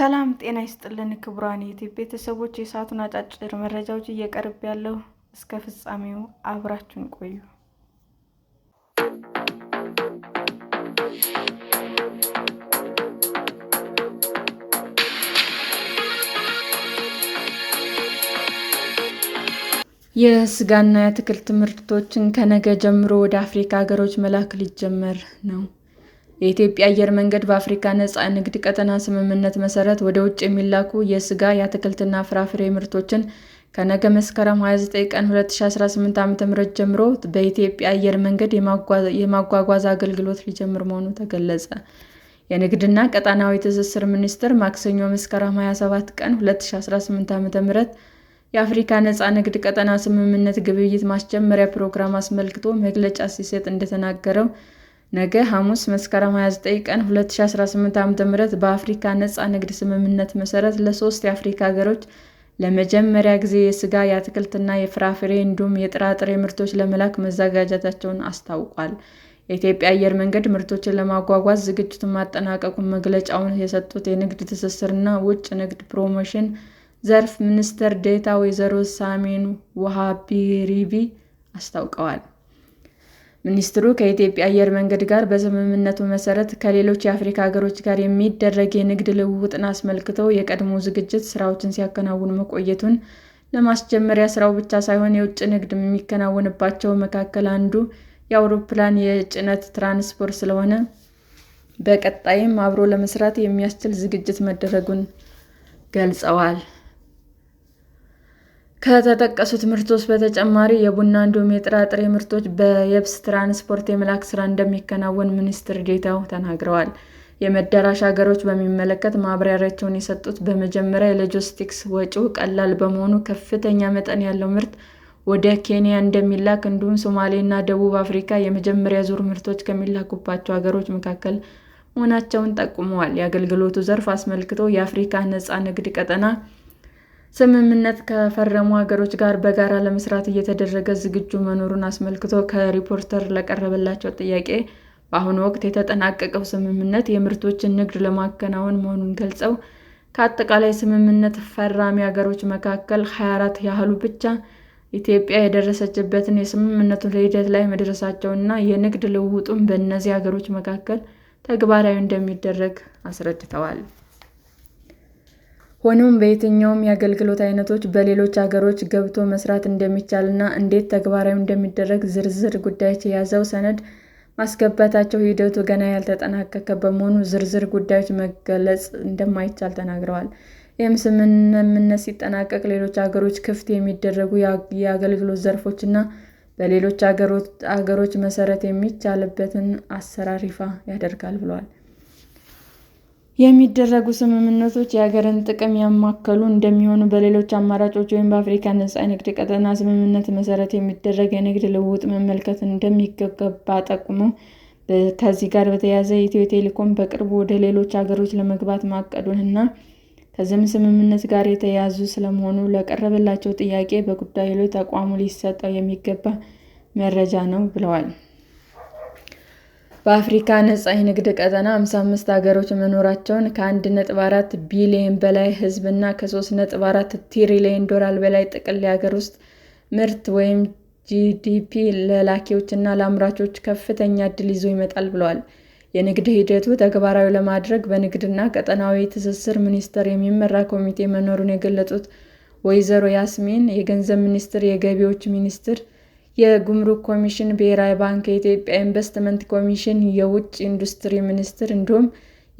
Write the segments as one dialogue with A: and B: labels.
A: ሰላም ጤና ይስጥልን ክቡራን ዩቲዩብ ቤተሰቦች፣ የሰዓቱን አጫጭር መረጃዎች እየቀርብ ያለው እስከ ፍጻሜው አብራችሁን ቆዩ። የስጋና የአትክልት ምርቶችን ከነገ ጀምሮ ወደ አፍሪካ ሀገሮች መላክ ሊጀመር ነው። የኢትዮጵያ አየር መንገድ በአፍሪካ ነጻ ንግድ ቀጠና ስምምነት መሰረት ወደ ውጭ የሚላኩ የስጋ የአትክልትና ፍራፍሬ ምርቶችን ከነገ መስከረም 29 ቀን 2018 ዓ.ም ጀምሮ በኢትዮጵያ አየር መንገድ የማጓጓዝ አገልግሎት ሊጀምር መሆኑ ተገለጸ። የንግድና ቀጣናዊ ትስስር ሚኒስቴር ማክሰኞ መስከረም 27 ቀን 2018 ዓ.ም የአፍሪካ ነጻ ንግድ ቀጠና ስምምነት ግብይት ማስጀመሪያ ፕሮግራም አስመልክቶ መግለጫ ሲሰጥ እንደተናገረው ነገ ሐሙስ መስከረም 29 ቀን 2018 ዓ.ም በአፍሪካ ነፃ ንግድ ስምምነት መሠረት ለሦስት የአፍሪካ አገሮች ለመጀመሪያ ጊዜ የሥጋ፣ የአትክልትና የፍራፍሬ እንዲሁም የጥራጥሬ ምርቶች ለመላክ መዘጋጀታቸውን አስታውቋል። የኢትዮጵያ አየር መንገድ ምርቶችን ለማጓጓዝ ዝግጅቱን ማጠናቀቁን መግለጫውን የሰጡት የንግድ ትስስርና ውጭ ንግድ ፕሮሞሽን ዘርፍ ሚኒስትር ዴኤታ ወይዘሮ ሳሜን ሪቪ አስታውቀዋል። ሚኒስትሩ ከኢትዮጵያ አየር መንገድ ጋር በስምምነቱ መሰረት ከሌሎች የአፍሪካ ሀገሮች ጋር የሚደረግ የንግድ ልውውጥን አስመልክቶ የቀድሞ ዝግጅት ስራዎችን ሲያከናውኑ መቆየቱን፣ ለማስጀመሪያ ስራው ብቻ ሳይሆን የውጭ ንግድ የሚከናወንባቸው መካከል አንዱ የአውሮፕላን የጭነት ትራንስፖርት ስለሆነ በቀጣይም አብሮ ለመስራት የሚያስችል ዝግጅት መደረጉን ገልጸዋል። ከተጠቀሱት ምርቶች በተጨማሪ የቡና እንዲሁም የጥራጥሬ ምርቶች በየብስ ትራንስፖርት የመላክ ስራ እንደሚከናወን ሚኒስትር ዴኤታው ተናግረዋል። የመዳረሻ ሀገሮች በሚመለከት ማብራሪያቸውን የሰጡት በመጀመሪያ የሎጂስቲክስ ወጪው ቀላል በመሆኑ ከፍተኛ መጠን ያለው ምርት ወደ ኬንያ እንደሚላክ እንዲሁም ሶማሌ እና ደቡብ አፍሪካ የመጀመሪያ ዙር ምርቶች ከሚላኩባቸው አገሮች መካከል መሆናቸውን ጠቁመዋል። የአገልግሎቱ ዘርፍ አስመልክቶ የአፍሪካ ነፃ ንግድ ቀጠና ስምምነት ከፈረሙ ሀገሮች ጋር በጋራ ለመስራት እየተደረገ ዝግጁ መኖሩን አስመልክቶ ከሪፖርተር ለቀረበላቸው ጥያቄ በአሁኑ ወቅት የተጠናቀቀው ስምምነት የምርቶችን ንግድ ለማከናወን መሆኑን ገልጸው፣ ከአጠቃላይ ስምምነት ፈራሚ ሀገሮች መካከል 24 ያህሉ ብቻ ኢትዮጵያ የደረሰችበትን የስምምነቱ ሂደት ላይ መድረሳቸውና የንግድ ልውውጡን በእነዚህ ሀገሮች መካከል ተግባራዊ እንደሚደረግ አስረድተዋል። ሆኖም በየትኛውም የአገልግሎት አይነቶች በሌሎች ሀገሮች ገብቶ መስራት እንደሚቻል ና እንዴት ተግባራዊ እንደሚደረግ ዝርዝር ጉዳዮች የያዘው ሰነድ ማስገባታቸው ሂደቱ ገና ያልተጠናቀቀ በመሆኑ ዝርዝር ጉዳዮች መገለጽ እንደማይቻል ተናግረዋል። ይህም ስምምነት ሲጠናቀቅ ሌሎች ሀገሮች ክፍት የሚደረጉ የአገልግሎት ዘርፎችና በሌሎች ሀገሮች መሰረት የሚቻልበትን አሰራር ይፋ ያደርጋል ብለዋል። የሚደረጉ ስምምነቶች የሀገርን ጥቅም ያማከሉ እንደሚሆኑ፣ በሌሎች አማራጮች ወይም በአፍሪካ ነጻ ንግድ ቀጠና ስምምነት መሰረት የሚደረግ የንግድ ልውውጥ መመልከት እንደሚገባ ጠቁመው፣ ከዚህ ጋር በተያያዘ ኢትዮ ቴሌኮም በቅርቡ ወደ ሌሎች ሀገሮች ለመግባት ማቀዱን እና ከዚህም ስምምነት ጋር የተያያዙ ስለመሆኑ ለቀረበላቸው ጥያቄ በጉዳዩ ላይ ተቋሙ ሊሰጠው የሚገባ መረጃ ነው ብለዋል። በአፍሪካ ነፃ የንግድ ቀጠና 55 ሀገሮች መኖራቸውን፣ ከ1.4 ቢሊዮን በላይ ሕዝብ እና ከ3.4 ትሪሊዮን ዶላር በላይ ጥቅል የሀገር ውስጥ ምርት ወይም ጂዲፒ ለላኪዎች እና ለአምራቾች ከፍተኛ ዕድል ይዞ ይመጣል ብለዋል። የንግድ ሂደቱ ተግባራዊ ለማድረግ በንግድና ቀጠናዊ ትስስር ሚኒስቴር የሚመራ ኮሚቴ መኖሩን የገለጹት ወይዘሮ ያስሚን የገንዘብ ሚኒስቴር፣ የገቢዎች ሚኒስቴር የጉምሩክ ኮሚሽን፣ ብሔራዊ ባንክ፣ የኢትዮጵያ ኢንቨስትመንት ኮሚሽን፣ የውጭ ኢንዱስትሪ ሚኒስቴር እንዲሁም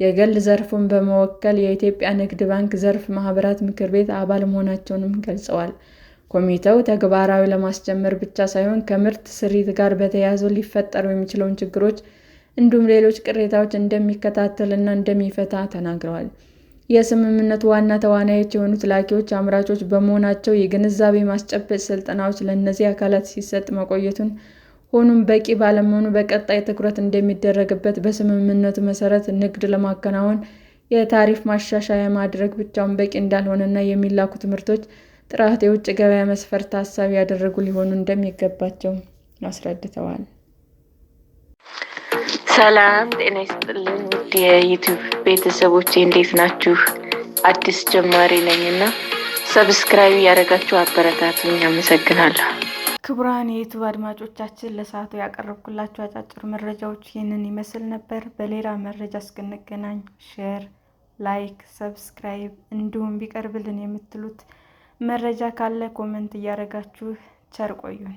A: የግል ዘርፉን በመወከል የኢትዮጵያ ንግድ ባንክ ዘርፍ ማህበራት ምክር ቤት አባል መሆናቸውንም ገልጸዋል። ኮሚቴው ተግባራዊ ለማስጀመር ብቻ ሳይሆን ከምርት ስሪት ጋር በተያያዙ ሊፈጠሩ የሚችለውን ችግሮች እንዲሁም ሌሎች ቅሬታዎች እንደሚከታተልና እንደሚፈታ ተናግረዋል። የስምምነቱ ዋና ተዋናዮች የሆኑት ላኪዎች አምራቾች በመሆናቸው የግንዛቤ ማስጨበጫ ስልጠናዎች ለእነዚህ አካላት ሲሰጥ መቆየቱን ሆኖም በቂ ባለመሆኑ በቀጣይ ትኩረት እንደሚደረግበት በስምምነቱ መሰረት ንግድ ለማከናወን የታሪፍ ማሻሻያ ማድረግ ብቻውን በቂ እንዳልሆነና የሚላኩት ምርቶች ጥራት የውጭ ገበያ መስፈርት ታሳቢ ያደረጉ ሊሆኑ እንደሚገባቸው አስረድተዋል።
B: ሰላም ጤና ይስጥልን ውድ የዩቱብ ቤተሰቦች እንዴት ናችሁ? አዲስ ጀማሪ ነኝ እና ሰብስክራይብ እያደረጋችሁ አበረታቱኝ። አመሰግናለሁ።
A: ክቡራን የዩቱብ አድማጮቻችን ለሰዓቱ ያቀረብኩላችሁ አጫጭር መረጃዎች ይህንን ይመስል ነበር። በሌላ መረጃ እስክንገናኝ ሼር፣ ላይክ፣ ሰብስክራይብ እንዲሁም ቢቀርብልን የምትሉት መረጃ ካለ ኮመንት እያደረጋችሁ ቸር ቆዩን።